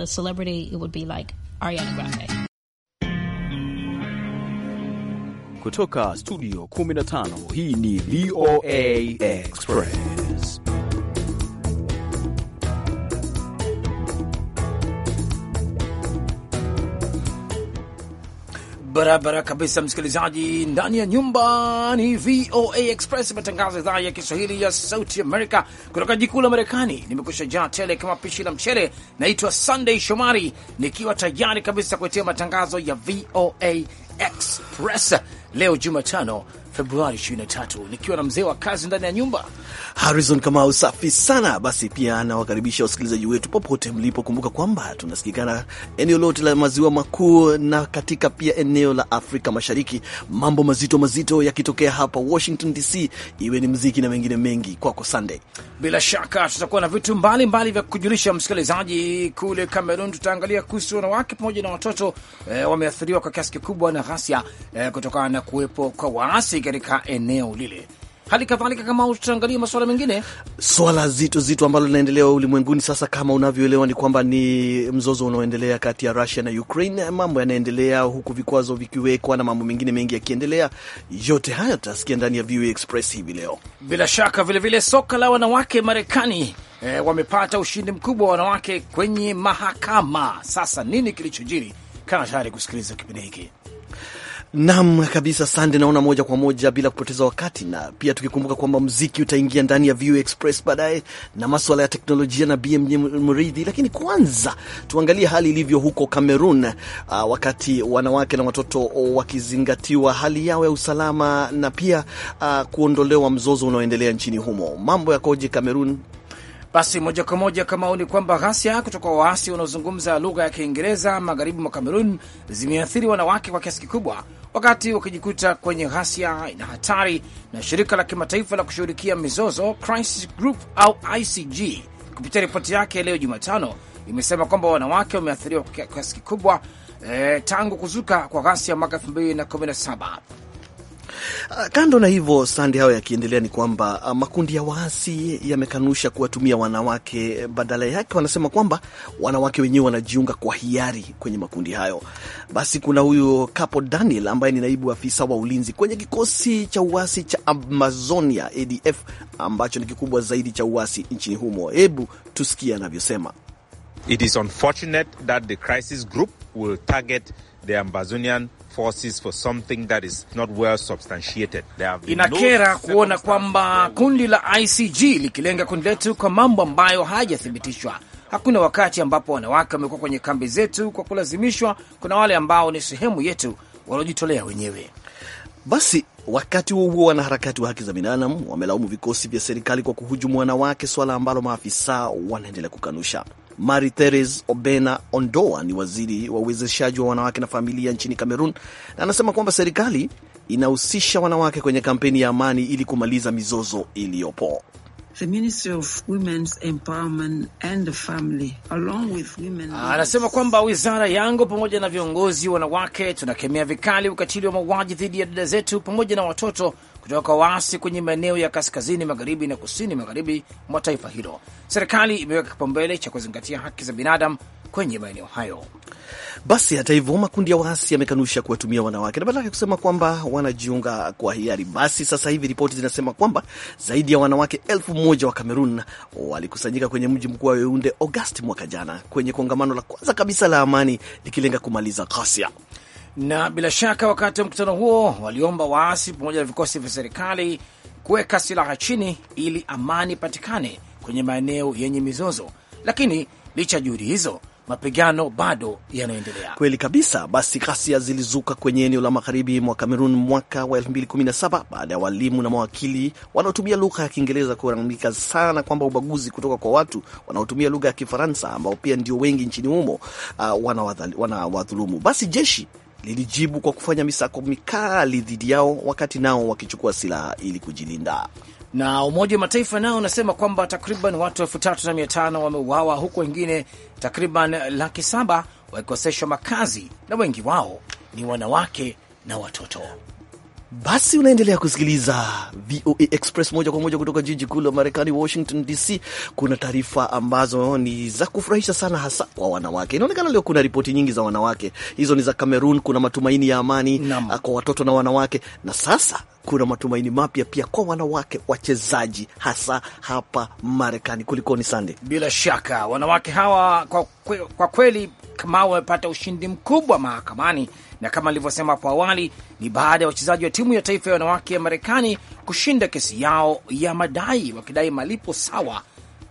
a celebrity, it would be like Ariana Grande. Kutoka studio 15 hii ni VOA Express. barabara kabisa, msikilizaji. Ndani ya nyumba ni VOA Express, matangazo ya idhaa ya Kiswahili ya Sauti Amerika kutoka jikuu la Marekani. Nimekusha jaa tele kama pishi la mchele. Naitwa Sunday Shomari, nikiwa tayari kabisa kuetia matangazo ya VOA Express leo Jumatano Februari 23 nikiwa na mzee wa kazi ndani ya nyumba Harrison Kamau. Safi sana. Basi pia nawakaribisha wasikilizaji wetu popote mlipo. Kumbuka kwamba tunasikikana eneo lote la maziwa makuu na katika pia eneo la Afrika Mashariki, mambo mazito mazito yakitokea hapa Washington DC, iwe ni mziki na mengine mengi. Kwako Sunday, bila shaka tutakuwa na vitu mbalimbali vya kujulisha msikilizaji. Kule Cameroon tutaangalia kuhusu wanawake pamoja na watoto eh, wameathiriwa kwa kiasi kikubwa na ghasia eh, kutokana na kuwepo kwa waasi katika eneo lile. Hali kadhalika kama tutaangalia masuala mengine, swala zito zito ambalo linaendelea ulimwenguni sasa, kama unavyoelewa, ni kwamba ni mzozo unaoendelea kati ya Russia na Ukraine. Mambo yanaendelea huku, vikwazo vikiwekwa na mambo mengine mengi yakiendelea. Yote haya tutasikia ndani ya VOA Express hivi leo. Bila shaka vilevile vile soka la wanawake Marekani e, wamepata ushindi mkubwa wa wanawake kwenye mahakama. Sasa nini kilichojiri? kama tayari kusikiliza kipindi hiki. Nam kabisa, sande. Naona moja kwa moja bila kupoteza wakati, na pia tukikumbuka kwamba mziki utaingia ndani ya VOA Express baadaye na maswala ya teknolojia na BMJ Mridhi, lakini kwanza tuangalie hali ilivyo huko Cameroon, uh, wakati wanawake na watoto wakizingatiwa hali yao ya usalama na pia uh, kuondolewa mzozo unaoendelea nchini humo. Mambo yakoje Cameroon? Basi moja kwa moja, kama ni kwamba ghasia kutoka waasi wanaozungumza lugha ya Kiingereza magharibi mwa Kamerun zimeathiri wanawake kwa kiasi kikubwa, wakati wakijikuta kwenye ghasia ina hatari. Na shirika la kimataifa la kushughulikia mizozo Crisis Group au ICG kupitia ripoti yake leo Jumatano imesema kwamba wanawake wameathiriwa kwa kiasi kikubwa eh, tangu kuzuka kwa ghasia mwaka 2017. Ah, kando na hivyo Sandi, hayo yakiendelea, ni kwamba ah, makundi ya waasi yamekanusha kuwatumia wanawake, eh, badala yake wanasema kwamba wanawake wenyewe wanajiunga kwa hiari kwenye makundi hayo. Basi kuna huyu Capo Daniel ambaye ni naibu afisa wa ulinzi kwenye kikosi cha uasi cha Amazonia ADF ambacho ni kikubwa zaidi cha uasi nchini humo. Hebu tusikie anavyosema. It is unfortunate that the crisis group will target the Amazonian Inakera kuona kwamba kundi la ICG likilenga kundi letu kwa mambo ambayo hayajathibitishwa. Hakuna wakati ambapo wanawake wamekuwa kwenye kambi zetu kwa kulazimishwa. Kuna wale ambao ni sehemu yetu waliojitolea wenyewe. Basi Wakati huo huo, wanaharakati wa haki za binadamu wamelaumu vikosi vya serikali kwa kuhujumu wanawake, suala ambalo maafisa wanaendelea kukanusha. Mari Therese Obena Ondoa ni waziri wa uwezeshaji wa wanawake na familia nchini Cameroon, na anasema kwamba serikali inahusisha wanawake kwenye kampeni ya amani ili kumaliza mizozo iliyopo. Ah, anasema kwamba wizara yangu pamoja na viongozi wanawake tunakemea vikali ukatili wa mauaji dhidi ya dada zetu pamoja na watoto kutoka kwa waasi kwenye maeneo ya kaskazini magharibi na kusini magharibi mwa taifa hilo. Serikali imeweka kipaumbele cha kuzingatia haki za binadamu kwenye maeneo hayo. Basi hata hivyo, makundi ya waasi yamekanusha kuwatumia wanawake na badala kusema kwamba wanajiunga kwa hiari. Basi sasa hivi ripoti zinasema kwamba zaidi ya wanawake elfu moja wa Kamerun walikusanyika kwenye mji mkuu wa Yaounde Agosti mwaka jana kwenye kongamano la kwanza kabisa la amani likilenga kumaliza ghasia na bila shaka wakati wa mkutano huo waliomba waasi pamoja na vikosi vya serikali kuweka silaha chini ili amani ipatikane kwenye maeneo yenye mizozo. Lakini licha ya juhudi hizo, mapigano bado yanaendelea. Kweli kabisa. Basi ghasia zilizuka kwenye eneo la magharibi mwa Kamerun mwaka wa 2017 baada ya walimu na mawakili wanaotumia lugha ya Kiingereza kuramika sana kwamba ubaguzi kutoka kwa watu wanaotumia lugha ya Kifaransa ambao pia ndio wengi nchini humo, uh, wanawadhulumu. Basi jeshi lilijibu kwa kufanya misako mikali dhidi yao, wakati nao wakichukua silaha ili kujilinda na Umoja wa Mataifa nao unasema kwamba takriban watu elfu tatu na mia tano wameuawa huku wengine takriban laki saba wakikoseshwa makazi na wengi wao ni wanawake na watoto. Basi unaendelea kusikiliza VOA Express moja kwa moja kutoka jiji kuu la Marekani, Washington DC. Kuna taarifa ambazo ni za kufurahisha sana, hasa kwa wanawake. Inaonekana leo kuna ripoti nyingi za wanawake, hizo ni za Cameroon. Kuna matumaini ya amani Nama. Ah, kwa watoto na wanawake, na sasa kuna matumaini mapya pia kwa wanawake wachezaji, hasa hapa Marekani. Kulikoni Sande? Bila shaka wanawake hawa kwa, kwe, kwa kweli kama wamepata ushindi mkubwa mahakamani na kama alivyosema hapo awali, ni baada ya wachezaji wa timu ya taifa ya wanawake ya Marekani kushinda kesi yao ya madai wakidai malipo sawa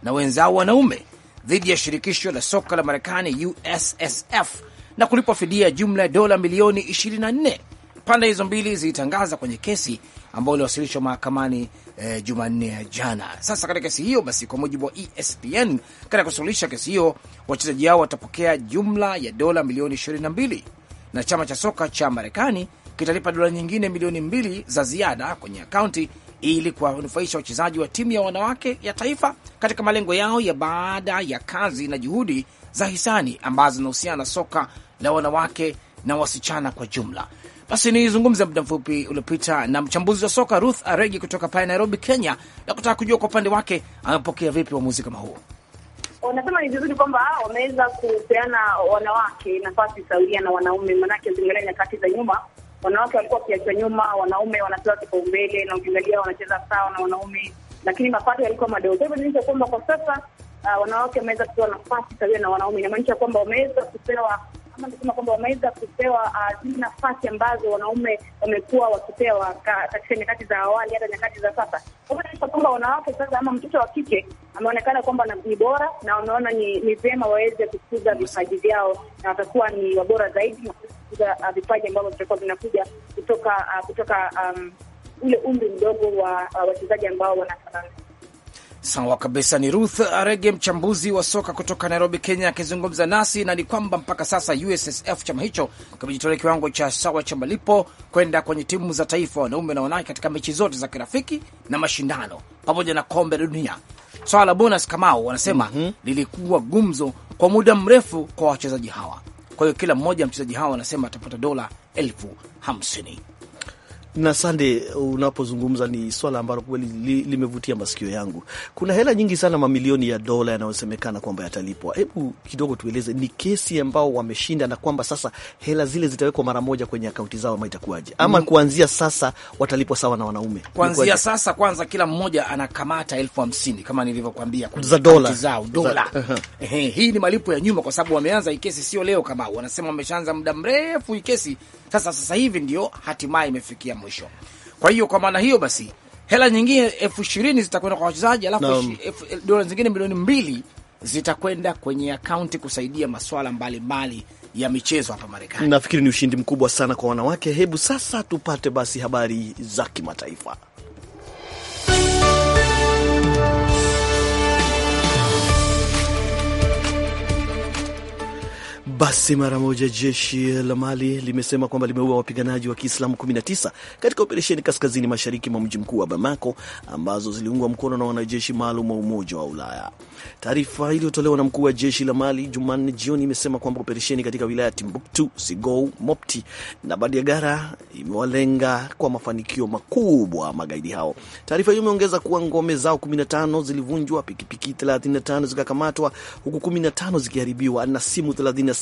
na wenzao wanaume dhidi ya shirikisho la soka la Marekani USSF na kulipwa fidia ya jumla ya dola milioni 24. Pande hizo mbili zilitangaza kwenye kesi ambayo iliwasilishwa mahakamani eh, Jumanne ya jana. Sasa katika kesi hiyo basi, kwa mujibu wa ESPN, katika kusuluhisha kesi hiyo wachezaji hao watapokea jumla ya dola milioni na chama cha soka cha Marekani kitalipa dola nyingine milioni mbili za ziada kwenye akaunti ili kuwanufaisha wachezaji wa timu ya wanawake ya taifa katika malengo yao ya baada ya kazi na juhudi za hisani ambazo zinahusiana na soka la wanawake na wasichana kwa jumla. Basi nizungumze muda mfupi uliopita na mchambuzi wa soka Ruth Aregi kutoka pale Nairobi, Kenya, na kutaka kujua kwa upande wake amepokea vipi uamuzi kama huo wanasema ni vizuri kwamba wameweza kupeana wanawake nafasi sawia na wanaume, manake ukiangalia nyakati za nyuma wanawake walikuwa wakiachwa nyuma, wanaume wanapewa kipaumbele, na ukiangalia wanacheza sawa na wanaume, lakini mapato yalikuwa madogo. Kwa hivyo inaonyesha kwamba kwa sasa uh, wanawake wameweza kupewa nafasi sawia na wanaume, inamaanisha kwamba wameweza kupewa kama nikisema kwamba wameweza kupewa ah, zile uh, nafasi ambazo wanaume wamekuwa wakipewa katika nyakati za awali hata nyakati za sasa. Kwa kwamba wanawake sasa ama mtoto wa kike ameonekana kwamba ni bora na wameona ni, ni vyema waweze kukuza vipaji vyao na watakuwa ni wabora zaidi kukuza uh, vipaji ambavyo vitakuwa vinakuja kutoka uh, kutoka um, ule umri mdogo wa uh, wachezaji ambao wanafanana Sawa kabisa. Ni Ruth Arege, mchambuzi wa soka kutoka Nairobi, Kenya, akizungumza nasi. Na ni kwamba mpaka sasa USSF chama hicho kimejitolea kiwango cha sawa cha malipo kwenda kwenye timu za taifa wanaume na wanawake katika mechi zote za kirafiki na mashindano pamoja na kombe la dunia. Swala la bonus kamao wanasema mm -hmm. lilikuwa gumzo kwa muda mrefu kwa wachezaji hawa. Kwa hiyo kila mmoja mchezaji hawa wanasema atapata dola elfu hamsini na Sande, unapozungumza ni swala ambalo kweli limevutia li, masikio yangu. Kuna hela nyingi sana, mamilioni ya dola yanayosemekana kwamba yatalipwa. Hebu kidogo tueleze, ni kesi ambao wameshinda na kwamba sasa hela zile zitawekwa mara moja kwenye akaunti zao, ama itakuwaje? Ama mm, kuanzia sasa watalipwa sawa na wanaume? Kuanzia sasa, kwanza kila mmoja anakamata elfu hamsini kama nilivyokwambia, za dola zao dola. Uh -huh. Hii ni malipo ya nyuma, kwa sababu wameanza hii kesi sio leo, kama wanasema wameshaanza muda mrefu hii kesi. Sasa sasa hivi ndio hatimaye imefikia mmoja mwisho. Kwa hiyo kwa maana hiyo basi hela nyingine elfu ishirini zitakwenda kwa wachezaji, alafu dola zingine milioni mbili zitakwenda kwenye akaunti kusaidia masuala mbalimbali ya michezo hapa Marekani. Nafikiri ni ushindi mkubwa sana kwa wanawake. Hebu sasa tupate basi habari za kimataifa. Basi mara moja jeshi la Mali limesema kwamba limeua wapiganaji wa Kiislamu 19 katika operesheni kaskazini mashariki mwa mji mkuu wa Bamako ambazo ziliungwa mkono na wanajeshi maalum wa Umoja wa Ulaya. Taarifa iliyotolewa na mkuu wa jeshi la Mali Jumanne jioni imesema kwamba operesheni katika wilaya ya Timbuktu, Sigou, Mopti na Badiagara imewalenga kwa mafanikio makubwa magaidi hao. Taarifa hiyo imeongeza kuwa ngome zao 15 zilivunjwa, pikipiki 35 zikakamatwa, huku 15 zikiharibiwa na simu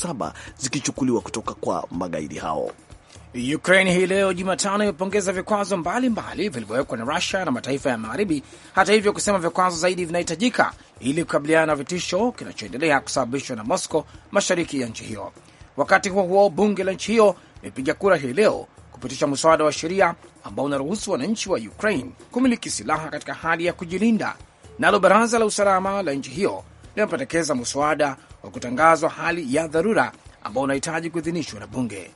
saba zikichukuliwa kutoka kwa magaidi hao. Ukraine hii leo Jumatano imepongeza vikwazo mbalimbali vilivyowekwa na Rusia na mataifa ya Magharibi, hata hivyo kusema vikwazo zaidi vinahitajika ili kukabiliana na vitisho kinachoendelea kusababishwa na Moscow mashariki ya nchi hiyo. Wakati huo huo, bunge la nchi hiyo limepiga kura hii leo kupitisha mswada wa sheria ambao unaruhusu wananchi wa Ukraine kumiliki silaha katika hali ya kujilinda. Nalo baraza la usalama la nchi hiyo limependekeza mswada wa kutangazwa hali ya dharura ambao unahitaji kuidhinishwa na bunge.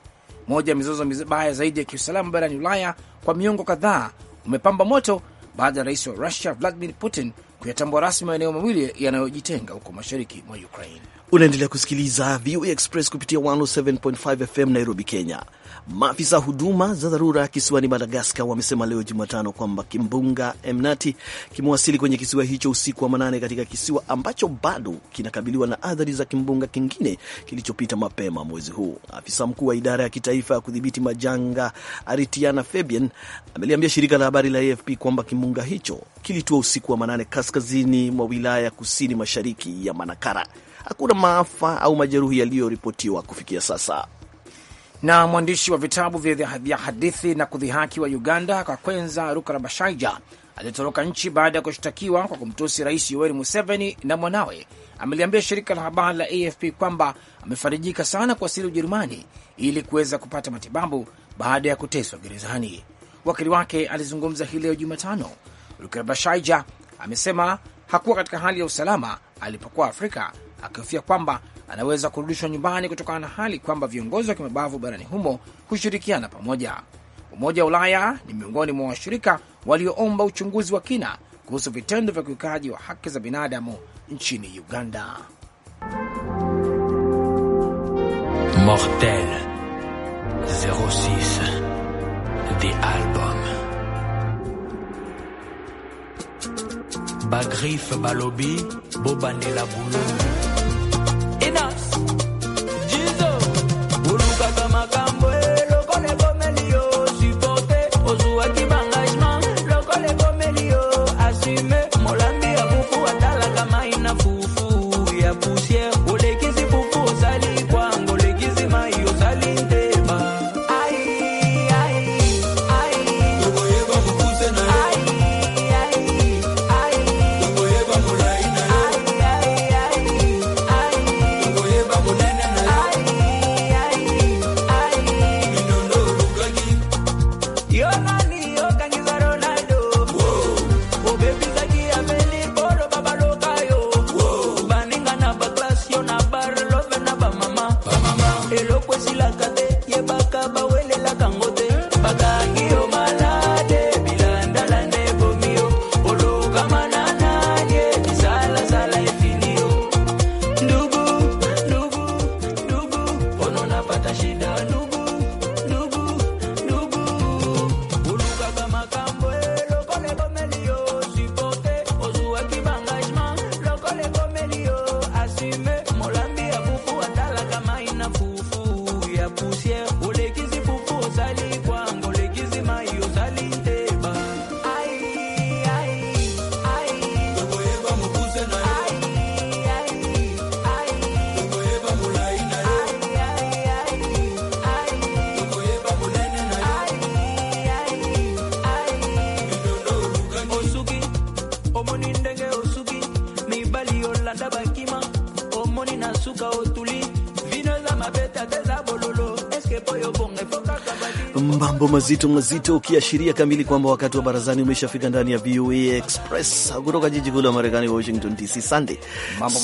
Moja ya mizozo mibaya zaidi ya kiusalama barani Ulaya kwa miongo kadhaa umepamba moto baada ya rais wa Russia Vladimir Putin kuyatambua rasmi maeneo mawili yanayojitenga huko mashariki mwa Ukraine. Unaendelea kusikiliza VOA Express kupitia 107.5 FM Nairobi, Kenya. Maafisa huduma za dharura kisiwani Madagaskar wamesema leo Jumatano kwamba kimbunga Emnati kimewasili kwenye kisiwa hicho usiku wa manane, katika kisiwa ambacho bado kinakabiliwa na athari za kimbunga kingine kilichopita mapema mwezi huu. Afisa mkuu wa idara ya kitaifa ya kudhibiti majanga Aritiana Fabian ameliambia shirika la habari la AFP kwamba kimbunga hicho kilitua usiku wa manane kaskazini mwa wilaya kusini mashariki ya Manakara hakuna maafa au majeruhi yaliyoripotiwa kufikia sasa. Na mwandishi wa vitabu vya hadithi na kudhihaki wa Uganda Kakwenza Rukarabashaija aliyetoroka nchi baada ya kushtakiwa kwa kumtusi Rais Yoweri Museveni na mwanawe ameliambia shirika la habari la AFP kwamba amefarijika sana kuwasili Ujerumani ili kuweza kupata matibabu baada ya kuteswa gerezani. Wakili wake alizungumza hii leo Jumatano. Rukarabashaija amesema hakuwa katika hali ya usalama alipokuwa Afrika akihofia kwamba anaweza kurudishwa nyumbani kutokana na hali kwamba viongozi wa kimabavu barani humo hushirikiana pamoja. Umoja wa Ulaya ni miongoni mwa washirika walioomba uchunguzi wa kina kuhusu vitendo vya ukiukaji wa haki za binadamu nchini Uganda. Mortel 06 The Album Bagrif Balobi Bulungu mazito mazito, ukiashiria kamili kwamba wakati wa barazani umeshafika ndani ya VOA Express kutoka jiji kuu la Marekani, Washington DC. Sunday,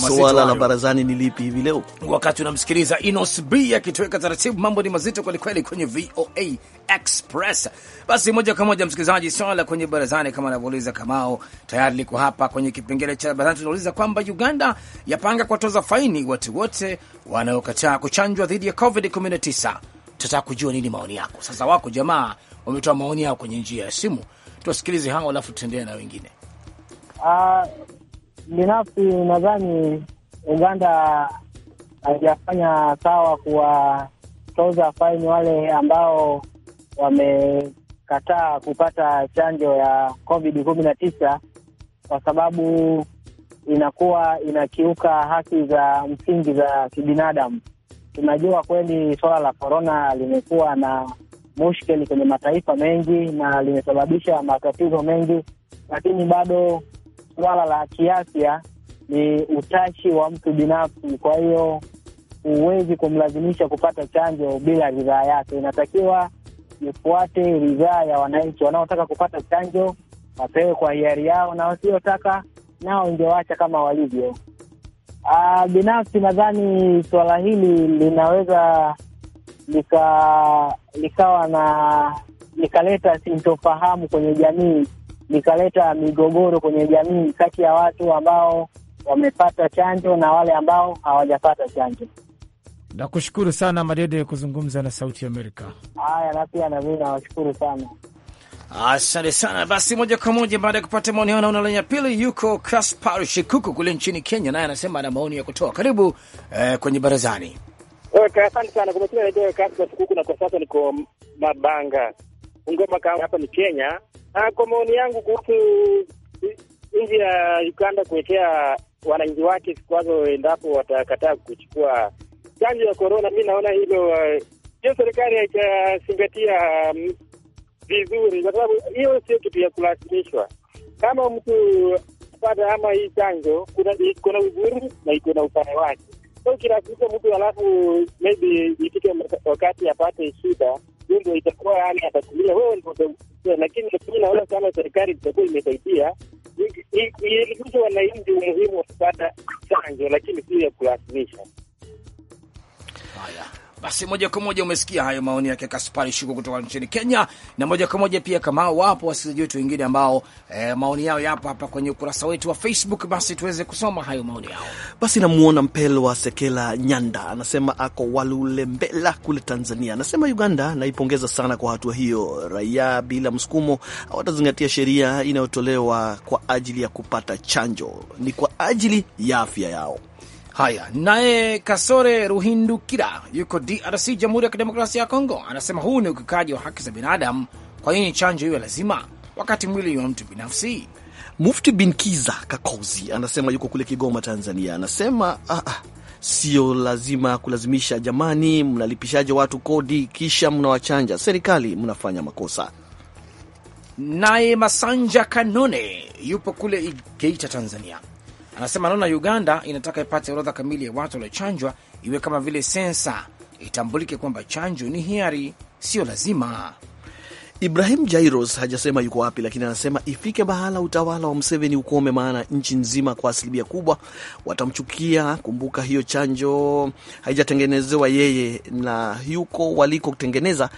swala la barazani ni lipi hivi leo? Wakati unamsikiliza Inos B akitoweka taratibu, mambo ni mazito kwelikweli kwenye VOA Express. Basi moja kwa moja, msikilizaji, swala kwenye barazani kama anavyouliza Kamao tayari liko hapa kwenye kipengele cha barazani. Tunauliza kwamba Uganda yapanga kuwatoza faini watu wote wanaokataa kuchanjwa dhidi ya COVID-19 tutataka kujua nini maoni yako. Sasa wako jamaa wametoa maoni yao kwenye njia ya simu, tuwasikilize hao, alafu tutaendelea na wengine. Ah, binafsi nadhani Uganda haijafanya sawa kuwatoza faini wale ambao wamekataa kupata chanjo ya COVID kumi na tisa kwa sababu inakuwa inakiuka haki za msingi za kibinadamu. Tunajua kweli suala la korona limekuwa na mushkeli kwenye mataifa mengi na limesababisha matatizo mengi, lakini bado suala la kiafya ni utashi wa mtu binafsi. Kwa hiyo huwezi kumlazimisha kupata chanjo bila ridhaa yake. Inatakiwa ifuate ridhaa ya wananchi. Wanaotaka kupata chanjo wapewe kwa hiari yao, na wasiotaka nao ingewacha kama walivyo. Ah, binafsi nadhani suala hili linaweza lika, likawa na likaleta sintofahamu kwenye jamii, likaleta migogoro kwenye jamii kati ya watu ambao wamepata chanjo na wale ambao hawajapata chanjo. Nakushukuru sana Madede kuzungumza na Sauti ya Amerika. Haya, na pia nawashukuru sana. Asante sana. Basi moja kwa moja baada ya kupata maoni hayo, naona lenya pili yuko Kaspar Shikuku kule nchini Kenya, naye anasema ana maoni ya kutoa. Karibu eh, kwenye barazani. Asante sana Kaspar Shikuku, na kwa sasa niko Mabanga Ngoma hapa ni Kenya. Ah, kwa maoni yangu kuhusu nchi ya Uganda kuwekea wananchi wake vikwazo endapo watakataa kuchukua chanjo ya korona, mi naona hilo eh, hiyo serikali haitazingatia um, vizuri, kwa sababu hiyo sio kitu ya kulazimishwa. Kama mtu pata ama hii chanjo, kuna iko na uzuri na iko na upande wake. So ukilazimisha mtu alafu maybe ifike wakati apate shida, hiyo ndio itakuwa yani atatumia Wewe ndio, lakini mimi naona kama serikali itakuwa imesaidia ielimisha wananchi umuhimu wa kupata chanjo, lakini sio ya kulazimisha. Basi moja kwa moja umesikia hayo maoni yake Kaspari Shuku kutoka nchini Kenya, na moja kwa moja pia kama wapo wasikilizaji wetu wengine ambao e, maoni yao yapo hapa kwenye ukurasa wetu wa Facebook, basi tuweze kusoma hayo maoni yao. Basi namuona Mpelwa Sekela Nyanda anasema ako Walulembela kule Tanzania, anasema Uganda naipongeza sana kwa hatua hiyo. Raia bila msukumo hawatazingatia sheria inayotolewa kwa ajili ya kupata chanjo, ni kwa ajili ya afya yao. Haya, naye Kasore Ruhindukira yuko DRC, Jamhuri ya Kidemokrasia ya Kongo, anasema huu ni ukiukaji wa haki za binadamu. Kwa nini chanjo iwe lazima wakati mwili wa mtu binafsi? Mufti bin Kiza Kakozi anasema yuko kule Kigoma, Tanzania, anasema ah, ah, sio lazima kulazimisha. Jamani, mnalipishaje watu kodi kisha mnawachanja? Serikali mnafanya makosa. Naye Masanja Kanone yupo kule Geita, Tanzania, Anasema anaona Uganda inataka ipate orodha kamili ya watu waliochanjwa, iwe kama vile sensa, itambulike kwamba chanjo ni hiari, sio lazima. Ibrahim Jairos hajasema yuko wapi, lakini anasema ifike bahala utawala wa mseveni ukome, maana nchi nzima kwa asilimia kubwa watamchukia. Kumbuka hiyo chanjo haijatengenezewa yeye, na yuko walikotengeneza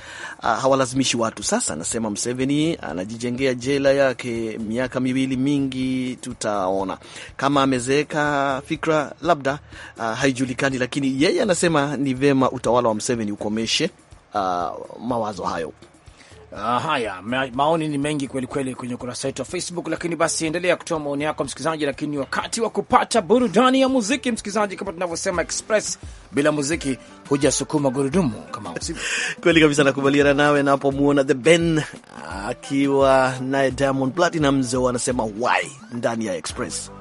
ah, hawalazimishi watu. Sasa anasema mseveni anajijengea jela yake miaka miwili mingi, tutaona kama amezeeka fikra, labda ah, haijulikani, lakini yeye anasema ni vema utawala wa mseveni ukomeshe ah, mawazo hayo. Uh, haya ma maoni ni mengi kweli kweli kwenye ukurasa wetu wa Facebook, lakini basi endelea kutoa maoni yako msikilizaji, lakini wakati wa kupata burudani ya muziki msikilizaji, kama tunavyosema express, bila muziki hujasukuma gurudumu kama kweli kabisa. Nakubaliana nawe napomwona The Ben akiwa naye Diamond Platnumz anasema why ndani ya express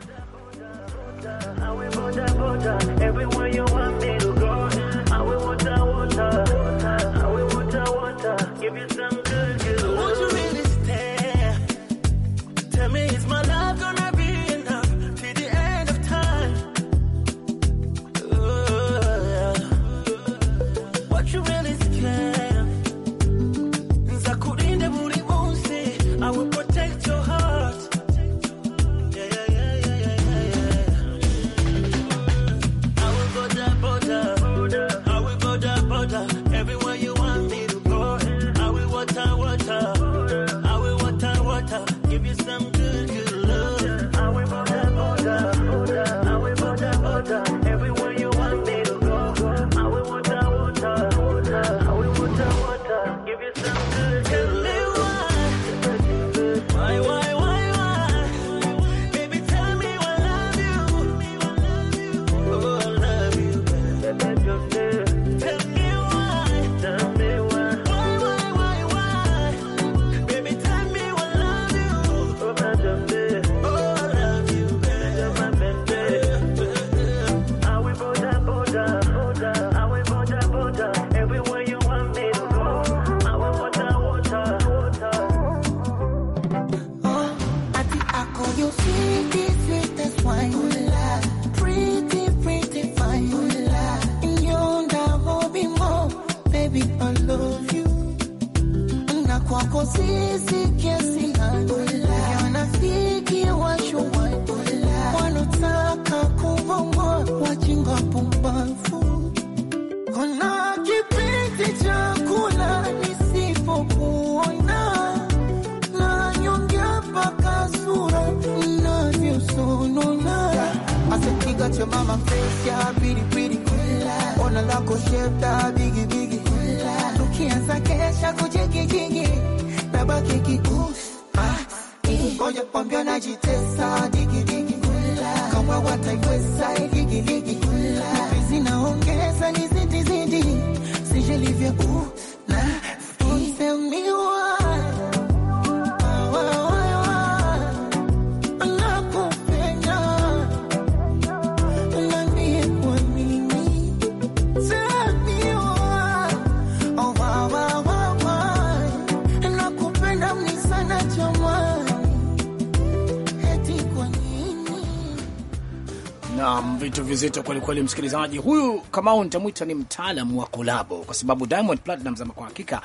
vizito kwelikweli, msikilizaji. Huyu Kamau nitamwita ni mtaalamu wa kolabo, kwa sababu Diamond Platnumz ama kwa hakika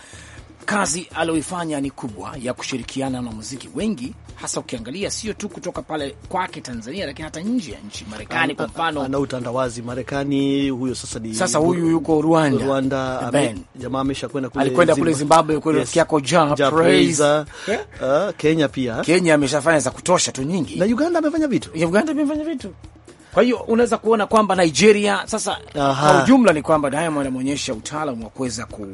kazi aliyoifanya ni kubwa ya kushirikiana na muziki wengi, hasa ukiangalia sio tu kutoka pale kwake Tanzania, lakini hata nje ya nchi, Marekani kwa mfano, ana utandawazi Marekani huyo. Sasa ni sasa huyu yuko Rwanda, Rwanda jamaa amesha kwenda kule, alikwenda kule Zimbabwe kule, rafiki yako Ja Praise. Eh? Ah, Kenya pia, Kenya ameshafanya za kutosha tu nyingi, na Uganda amefanya vitu, Uganda amefanya vitu kwa hiyo unaweza kuona kwamba Nigeria sasa, kwa ujumla ni kwamba Diamond anamwonyesha utaalamu wa kuweza ku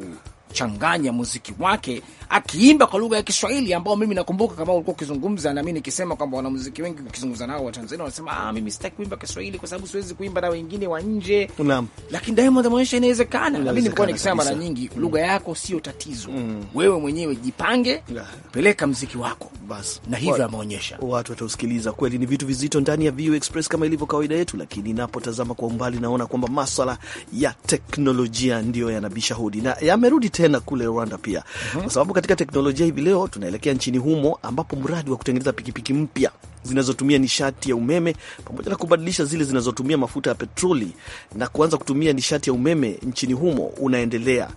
kuchanganya muziki wake akiimba kwa lugha ya Kiswahili ambao mimi nakumbuka kama ulikuwa ukizungumza nami nikisema kwamba wanamuziki wengi ukizungumza nao wa Tanzania wanasema ah, mimi sitaki kuimba Kiswahili kwa sababu siwezi kuimba na wengine wa nje. Naam, lakini Diamond ameonyesha inawezekana. Na Mimi nilikuwa nikisema mara nyingi mm. lugha yako sio tatizo, mm. wewe mwenyewe jipange, yeah. peleka muziki wako basi, na hivyo ameonyesha watu watausikiliza. Kweli ni vitu vizito ndani ya VU Express kama ilivyo kawaida yetu, lakini napotazama kwa umbali naona kwamba masuala ya teknolojia ndio yanabisha hodi na yamerudi tena kule Rwanda pia mm -hmm. Kwa sababu katika teknolojia hivi leo tunaelekea nchini humo ambapo mradi wa kutengeneza pikipiki mpya zinazotumia nishati ya umeme pamoja na kubadilisha zile zinazotumia mafuta ya petroli na kuanza kutumia nishati ya umeme nchini humo unaendelea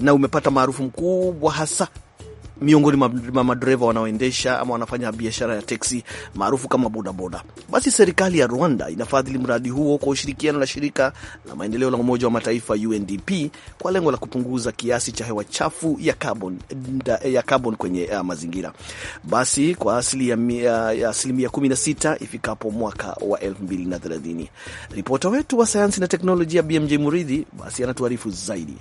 na umepata maarufu mkubwa hasa miongoni mwa madereva wanaoendesha ama wanafanya biashara ya teksi maarufu kama bodaboda. Basi serikali ya Rwanda inafadhili mradi huo kwa ushirikiano la shirika la maendeleo la Umoja wa Mataifa UNDP kwa lengo la kupunguza kiasi cha hewa chafu ya carbon, ya carbon kwenye ya uh, mazingira, basi kwa asili uh, ya asilimia 16 ifikapo mwaka wa 2030. Ripota wetu wa sayansi na teknolojia BMJ Muridhi basi anatuarifu zaidi.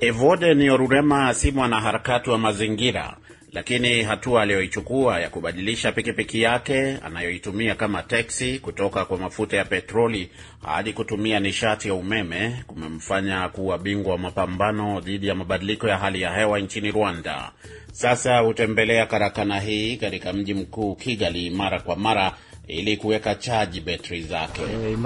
Evode Niorurema si mwanaharakati wa mazingira, lakini hatua aliyoichukua ya kubadilisha pikipiki yake anayoitumia kama teksi kutoka kwa mafuta ya petroli hadi kutumia nishati ya umeme kumemfanya kuwa bingwa wa mapambano dhidi ya mabadiliko ya hali ya hewa nchini Rwanda. Sasa hutembelea karakana hii katika mji mkuu Kigali mara kwa mara ili kuweka chaji betri zake. Eh,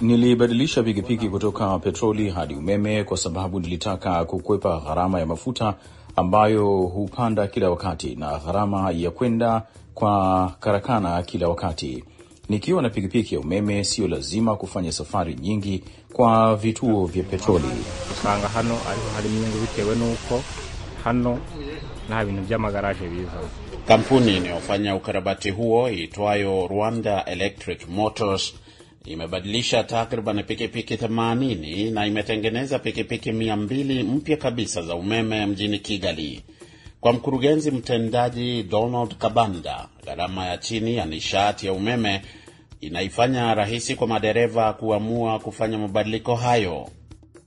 Nilibadilisha pikipiki kutoka petroli hadi umeme kwa sababu nilitaka kukwepa gharama ya mafuta ambayo hupanda kila wakati na gharama ya kwenda kwa karakana kila wakati. Nikiwa na pikipiki ya umeme, siyo lazima kufanya safari nyingi kwa vituo vya petroli. hano hano bintu biza Kampuni inayofanya ukarabati huo iitwayo Rwanda Electric Motors imebadilisha takriban pikipiki 80 na imetengeneza pikipiki 200 mpya kabisa za umeme mjini Kigali. Kwa mkurugenzi mtendaji Donald Kabanda, gharama ya chini ya nishati ya umeme inaifanya rahisi kwa madereva kuamua kufanya mabadiliko hayo.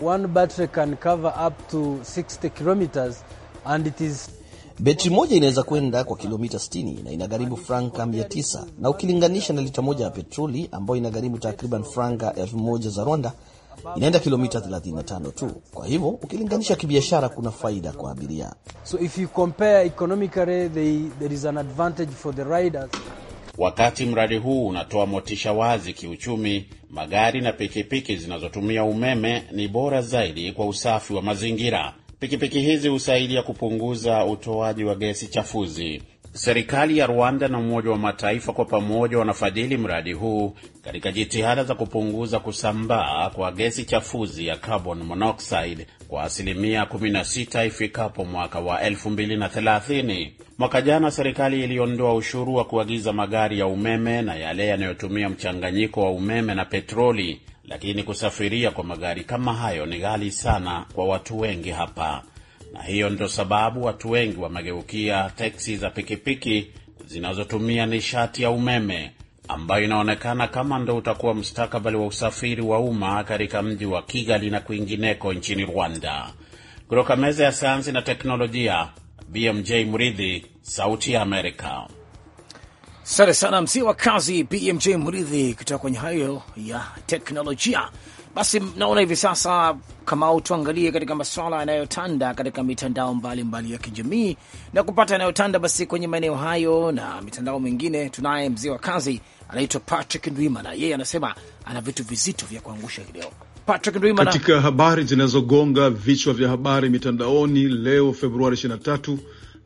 One battery can cover up to 60 kilometers and it is Betri moja inaweza kwenda kwa kilomita 60 na inagharimu franka 900, na ukilinganisha na lita moja ya petroli ambayo inagharimu takriban franka 1000 za Rwanda, inaenda kilomita 35 tu. Kwa hivyo ukilinganisha kibiashara, kuna faida kwa abiria. So if you compare economically, there is an advantage for the riders. Wakati mradi huu unatoa motisha wazi kiuchumi, magari na pikipiki zinazotumia umeme ni bora zaidi kwa usafi wa mazingira. Pikipiki hizi husaidia kupunguza utoaji wa gesi chafuzi. Serikali ya Rwanda na Umoja wa Mataifa kwa pamoja wanafadhili mradi huu katika jitihada za kupunguza kusambaa kwa gesi chafuzi ya carbon monoxide kwa asilimia 16 ifikapo mwaka wa 2030. Mwaka jana serikali iliondoa ushuru wa kuagiza magari ya umeme na yale yanayotumia mchanganyiko wa umeme na petroli lakini kusafiria kwa magari kama hayo ni ghali sana kwa watu wengi hapa, na hiyo ndio sababu watu wengi wamegeukia teksi za pikipiki zinazotumia nishati ya umeme ambayo inaonekana kama ndo utakuwa mustakabali wa usafiri wa umma katika mji wa Kigali na kwingineko nchini Rwanda. Kutoka meza ya sayansi na teknolojia, BMJ Mridhi, Sauti ya Amerika. Asante sana msi wa kazi BMJ Mridhi kutoka kwenye hayo ya teknolojia. Basi naona hivi sasa, kama au tuangalie katika masuala yanayotanda katika mitandao mbalimbali mbali ya kijamii na kupata yanayotanda basi kwenye maeneo hayo na mitandao mingine, tunaye mzee wa kazi anaitwa Patrick Ndwimana, yeye anasema ana vitu vizito vya kuangusha hii leo. Katika habari zinazogonga vichwa vya habari mitandaoni leo Februari 23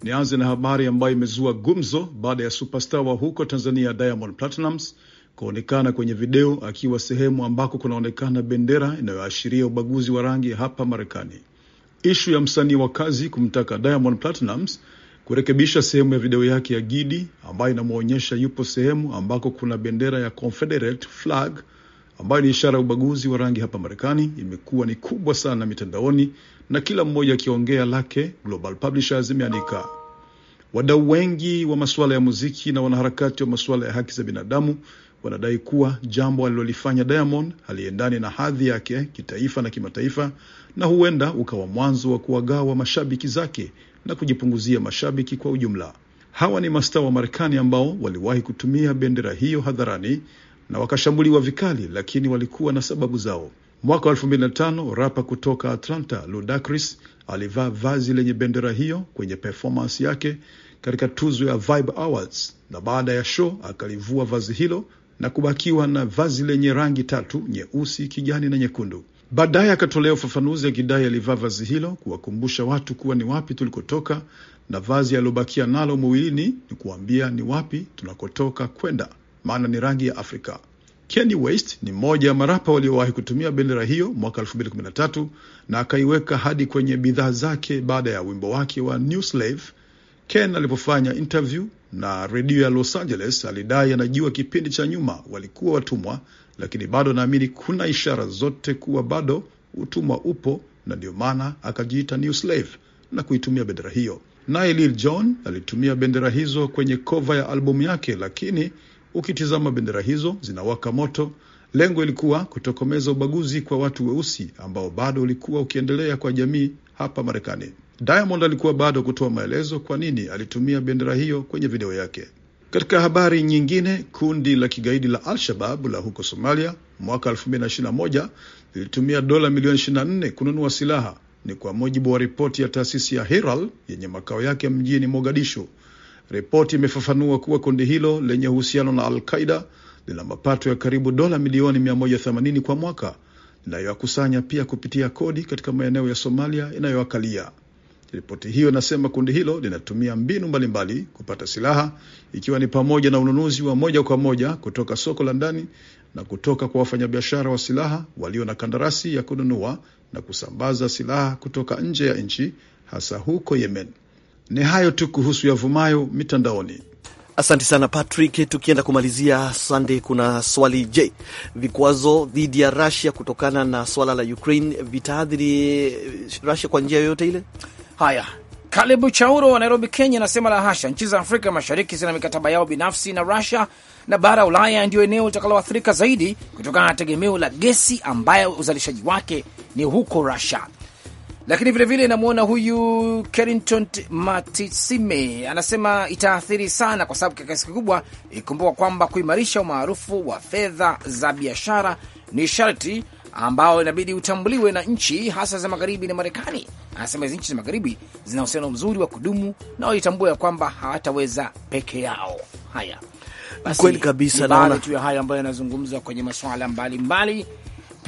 Nianze na habari ambayo imezua gumzo baada ya superstar wa huko Tanzania Diamond Platnumz kuonekana kwenye video akiwa sehemu ambako kunaonekana bendera inayoashiria ubaguzi wa rangi hapa Marekani. Ishu ya msanii wa kazi kumtaka Diamond Platnumz kurekebisha sehemu ya video yake ya Gidi ambayo inamwonyesha yupo sehemu ambako kuna bendera ya Confederate flag ambayo ni ishara ya ubaguzi wa rangi hapa Marekani imekuwa ni kubwa sana mitandaoni na kila mmoja akiongea lake. Global Publishers imeandika wadau wengi wa masuala ya muziki na wanaharakati wa masuala ya haki za binadamu wanadai kuwa jambo alilolifanya Diamond haliendani na hadhi yake kitaifa na kimataifa, na huenda ukawa mwanzo wa kuwagawa mashabiki zake na kujipunguzia mashabiki kwa ujumla. Hawa ni mastaa wa Marekani ambao waliwahi kutumia bendera hiyo hadharani na wakashambuliwa vikali, lakini walikuwa na sababu zao. Mwaka wa 2005 rapa kutoka Atlanta Ludacris alivaa vazi lenye bendera hiyo kwenye performance yake katika tuzo ya Vibe Awards, na baada ya show akalivua vazi hilo na kubakiwa na vazi lenye rangi tatu: nyeusi, kijani na nyekundu. Baadaye akatolea ufafanuzi akidai alivaa vazi hilo kuwakumbusha watu kuwa ni wapi tulikotoka, na vazi aliobakia nalo mwilini ni kuambia ni wapi tunakotoka kwenda maana ni rangi ya Afrika. Kanye West ni mmoja ya marapa waliowahi kutumia bendera hiyo mwaka 2013 na akaiweka hadi kwenye bidhaa zake baada ya wimbo wake wa New Slave. Ken alipofanya interview na redio ya Los Angeles alidai anajua kipindi cha nyuma walikuwa watumwa, lakini bado naamini kuna ishara zote kuwa bado utumwa upo, na ndio maana akajiita New Slave na kuitumia bendera hiyo. Naye Lil Jon alitumia bendera hizo kwenye kova ya albumu yake, lakini Ukitizama bendera hizo zinawaka moto. Lengo ilikuwa kutokomeza ubaguzi kwa watu weusi ambao bado ulikuwa ukiendelea kwa jamii hapa Marekani. Diamond alikuwa bado kutoa maelezo kwa nini alitumia bendera hiyo kwenye video yake. Katika habari nyingine, kundi la kigaidi la Al-Shabab la huko Somalia mwaka 2021 lilitumia dola milioni 24 kununua silaha, ni kwa mujibu wa ripoti ya taasisi ya Hiral yenye makao yake mjini Mogadishu, Ripoti imefafanua kuwa kundi hilo lenye uhusiano na Al-Qaida lina mapato ya karibu dola milioni 180 kwa mwaka inayoyakusanya pia kupitia kodi katika maeneo ya Somalia inayoakalia. Ripoti hiyo inasema kundi hilo linatumia mbinu mbalimbali mbali kupata silaha ikiwa ni pamoja na ununuzi wa moja kwa moja kutoka soko la ndani na kutoka kwa wafanyabiashara wa silaha walio na kandarasi ya kununua na kusambaza silaha kutoka nje ya nchi hasa huko Yemen. Ni hayo tu kuhusu yavumayo mitandaoni. Asante sana Patrick. Tukienda kumalizia Sunday, kuna swali. Je, vikwazo dhidi ya Russia kutokana na swala la Ukraine vitaathiri eh, Russia kwa njia yoyote ile? Haya, Kalebu Chauro wa Nairobi, Kenya anasema la hasha. Nchi za Afrika Mashariki zina mikataba yao binafsi na Russia, na bara Ulaya ndiyo eneo litakaloathirika zaidi kutokana na tegemeo la gesi ambayo uzalishaji wake ni huko Russia. Lakini vilevile namwona huyu Carrington Matisime anasema itaathiri sana, kwa sababu kwa kiasi kikubwa ikumbuka kwamba kuimarisha umaarufu wa fedha za biashara ni sharti ambao inabidi utambuliwe na nchi hasa za magharibi na Marekani. Anasema hizi nchi za magharibi zina uhusiano mzuri wa kudumu na waitambua ya kwamba hawataweza peke yao. Haya basi, kweli kabisa, naona tu ya haya ambayo yanazungumzwa kwenye masuala mbalimbali mbali.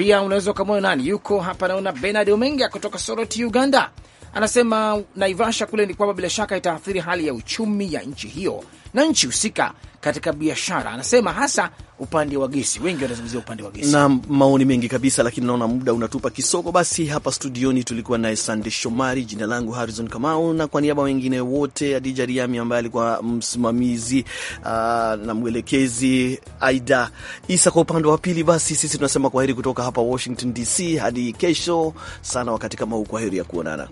Pia unaweza ukamwona nani yuko hapa, naona Benard Omenga kutoka Soroti, Uganda, anasema Naivasha kule ni kwamba bila shaka itaathiri hali ya uchumi ya nchi hiyo, na nchi husika katika biashara. Anasema hasa upande wa gesi, wengi wanazungumzia upande wa gesi na maoni mengi kabisa, lakini naona muda unatupa kisogo Basi hapa studioni tulikuwa naye Sande Shomari, jina langu Harrison Kamau, na kwa niaba wengine wote, Adija Riami ambaye alikuwa msimamizi uh, na mwelekezi, Aida Isa kwa upande wa pili. Basi sisi tunasema kwa heri kutoka hapa Washington DC hadi kesho sana wakati kama huu, heri ya kuonana.